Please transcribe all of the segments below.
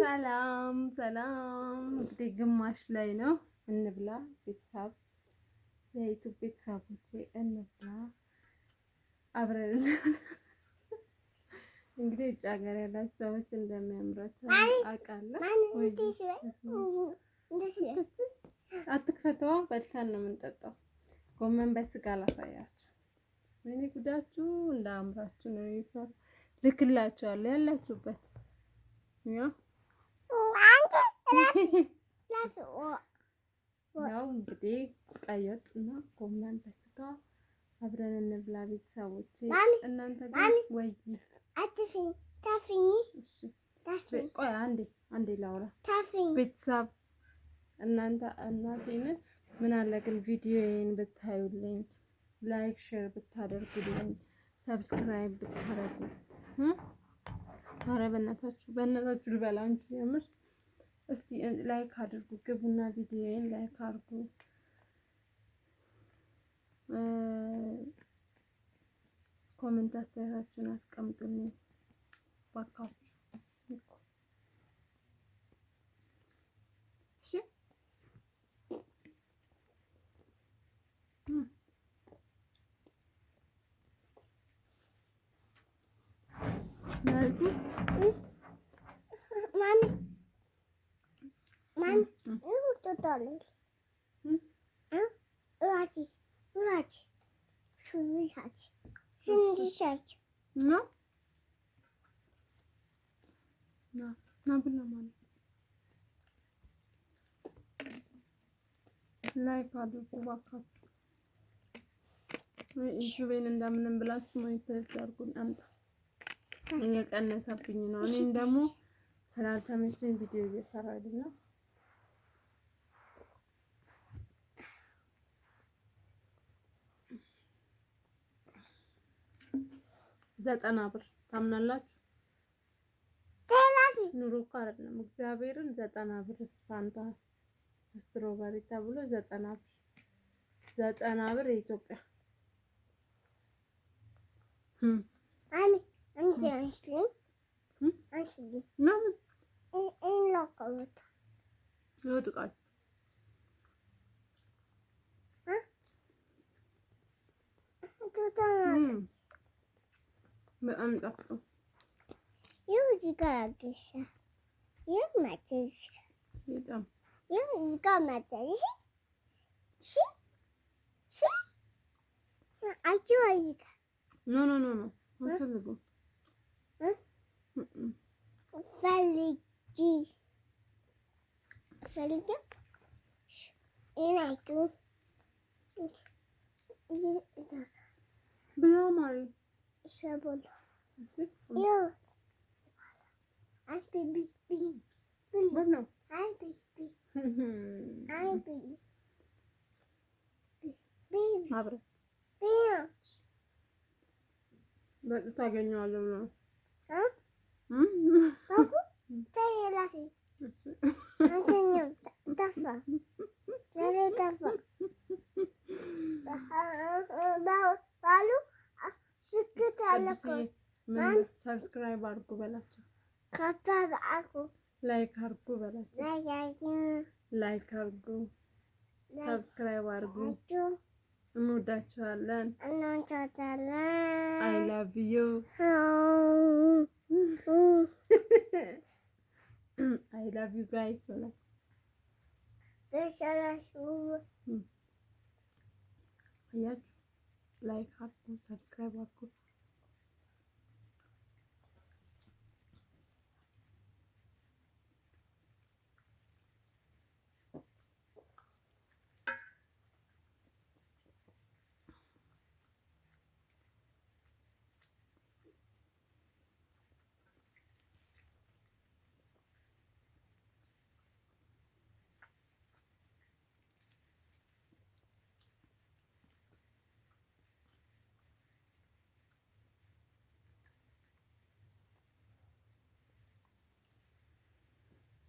ሰላም ሰላም። እንግዲህ ግማሽ ላይ ነው። እንብላ ቤተሰብ፣ የዩቱብ ቤተሰቦቼ እንብላ አብረን። እንግዲህ ውጭ ሀገር ያላችሁ ሰዎች እንደሚያምራቸው አውቃለሁ። አትክፈተዋ፣ በልተን ነው የምንጠጣው። ጎመን በስጋ ላሳያችሁ። ወይኔ ጉዳችሁ እንዳምራችሁ ነው ይፈር ልክላችኋለሁ ያላችሁበት ያው እንግዲህ ቀይ ወጥ እና ጎመን በስጋ አብረን እንብላ ቤተሰቦቼ። እናንተ ግን ወይ ቆይ አንዴ አንዴ ላውራ ቤተሰብ። እናንተ እናቴን ምን አለ ግን ቪዲዮዬን ብታዩልኝ፣ ላይክ ሼር ብታደርጉልኝ፣ ሰብስክራይብ ብታደርጉ ኧረ በእናታችሁ በእናታችሁ ልበላ እንጂ የምር እስቲ ላይክ አድርጉ፣ ግቡና ቪዲዮዬን ላይክ አድርጉ። ኮሜንት አስተያየታችሁን አስቀምጡልኝ ባካችሁ። እሺ Darling. Hı? Ha? Ilaç iç. Ilaç. Şunu aç. Şunu aç. Ne? Ne? Ne bileyim Like adı bu bakat. ኢሹ ቤን እንደምንም ብላችሁ ሞኒታይዝ አድርጉን። አንተ እየቀነሰብኝ ነው። እኔም ደግሞ ስላልተመቸኝ ቪዲዮ እየሰራ አይደለም። ዘጠና ብር ታምናላችሁ? ኑሮ እኮ አይደለም እግዚአብሔርን ዘጠና ብር ፋንታ ስትሮበሪ ተብሎ ዘጠና ብር ዘጠና ብር የኢትዮጵያ ይወድቃል። Ben yaptım. Yok 이거 여기 있어. 이거 맞지? 이거. 이거 이거 맞지? 시? 시? 아주 아이가. No no no no. Hatırladım. Hı? Hı hı. Feliki. Feliki. İnek. Ben ama. sabão. Uhum. Eu. Ai, baby. Mas não. Ai, baby. Uhum. Ai, baby. Baby. Abre. Baby. Tá ganhando não. Hã? Hum? Tá ele tá aqui. Ah, ah, ah, não tenho. Tá fã. Não tem tá fã. Falo. ሰብስክራይብ አድርጉ በላቸው። ላይክ አድርጉ በላቸው። ላይክ አድርጉ፣ ሰብስክራይብ አድርጉ። እንወዳችኋለን። አይ ላቭ ዩ አይ ላቭ ዩ ጋይስ በላቸው። አያችሁ ላይክ አድርጉ፣ ሰብስክራይብ አድርጉ።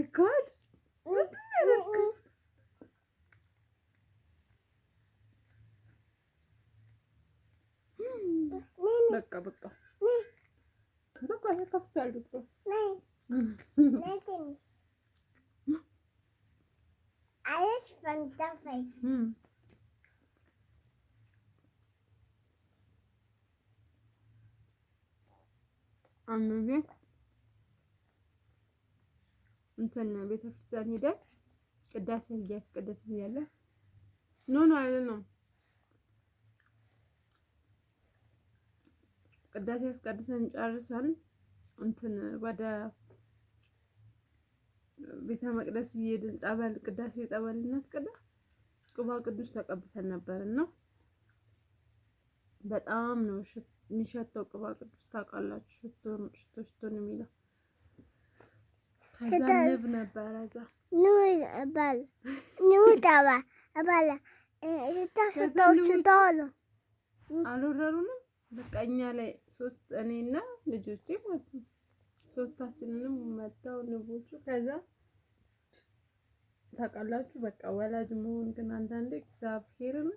my god. Nasıl neden kız? Dakika dakika. Dakika ne kapsel dakika. Ne? Ne demiş? Alles von Duffy. Hmm. Anladın? እንትን ቤተክርስቲያን ሄደን ቅዳሴ እያስቀደስን ያለ ኖ ኖ አይደል ነው። ቅዳሴ አስቀድሰን ጨርሰን እንትን ወደ ቤተ መቅደስ እየሄድን ጸበል ቅዳሴ ጸበል እናስቀዳ ቅባ ቅዱስ ተቀብተን ነበርና በጣም ነው የሚሸተው ቅባ ቅዱስ ታውቃላችሁ። ሽቶ ሽቶ ሽቶ ነው የሚለው ንብ ነበረ እዛ አልወረሩንም። በቃ እኛ ላይ ሶስት እኔና ልጆቼ ማለት ነው ሶስታችንንም መታው ንቦቹ። ከዛ ታውቃላችሁ በቃ ወላጅ መሆን ግን አንዳንዴ እግዚአብሔርን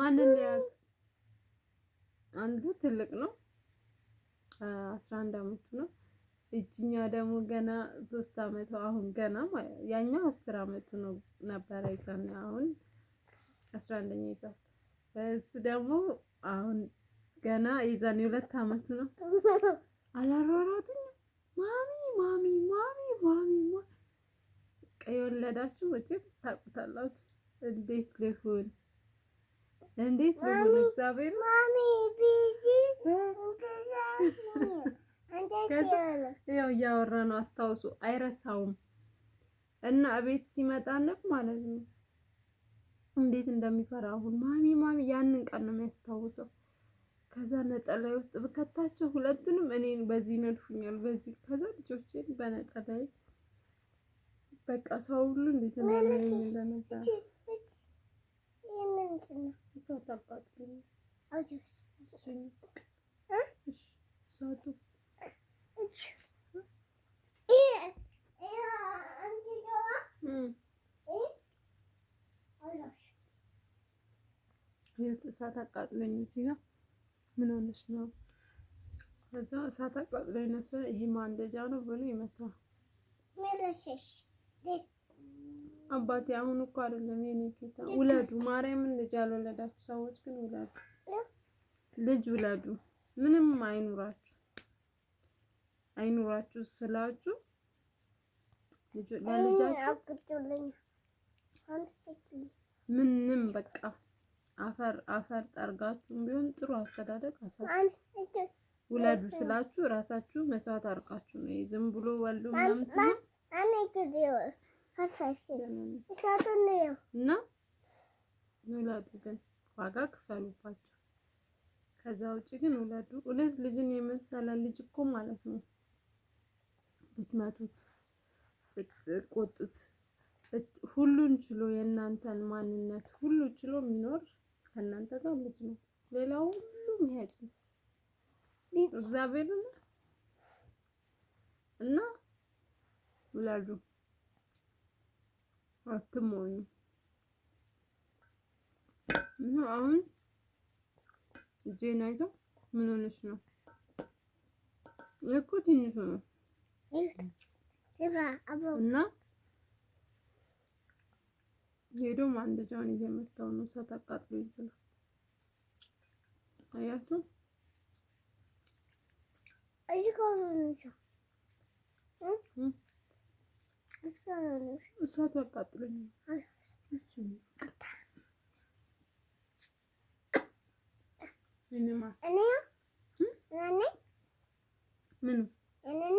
ማንን ያዝ አንዱ ትልቅ ነው፣ አስራ አንድ አመቱ ነው። እጅኛ ደግሞ ገና ሶስት አመት አሁን ገና ያኛው አስር አመቱ ነው ነበረ ይዛን አሁን አስራ አንደኛ እሱ ደግሞ አሁን ገና ይዛን ሁለት አመት ነው። አላሯሯትም ማሚ ማሚ ማሚ ማሚ የወለዳችሁ መቼም ታቁታላችሁ። እንዴት ልሁን እንዴት ልሁን እግዚአብሔር ያው እያወራ ነው። አስታውሱ፣ አይረሳውም። እና እቤት ሲመጣለት ማለት ነው እንዴት እንደሚፈራ አሁን ማሚ ማሚ ያንን ቀን ነው የሚያስታውሰው። ከዛ ነጠላይ ውስጥ ብከታቸው ሁለቱንም እኔን በዚህ ነድፉኛል፣ በዚህ ከዛ ልጆችን በነጠላይ በቃ ሰው ሁሉ እንዴት ነው እንደነበረ እንደሚያየኝ እንደነበር ሰው ሰዎች የት እሳት አቃጥሎኝ እዚህ ነው። ምን ሆነሽ ነው? ከዛ እሳት አቃጥሎኝ ነው። ይሄ ማንደጃ ነው ብሎ ይመታል። አባቴ አሁን እኮ አይደለም የኔ ጌታ፣ ውለዱ። ማርያምን ልጅ ያልወለዳችሁ ሰዎች ግን ውለዱ፣ ልጅ ውለዱ። ምንም አይኑራችሁ። አይኑራችሁ ስላችሁ ምንም በቃ አፈር አፈር ጠርጋችሁም ቢሆን ጥሩ አስተዳደግ አሳችሁ ውለዱ ስላችሁ እራሳችሁ መስዋዕት አርቃችሁ ነው። ዝም ብሎ ወልዶ ምናምን እና ውለዱ፣ ግን ዋጋ ክፈሉባቸው። ከዛ ውጭ ግን ውለዱ። እውነት ልጅን የመሰለ ልጅ እኮ ማለት ነው ብትመቱት፣ ብትቆጡት ሁሉን ችሎ የእናንተን ማንነት ሁሉ ችሎ የሚኖር ከእናንተ ጋር ልጅ ነው። ሌላው ሁሉም ይሄድ እግዚአብሔር እና ውለዱ፣ አትሞኙ። አሁን እጄን አይተው ምን ነው ይሄ እኮ ትንሹ ነው። እና ሄዶም ማንደጃውን እየመታው ነው። እሳት አቃጥሎ ይችላል። አያችሁ እሳቱ አቃጥሎኛል። ምኑ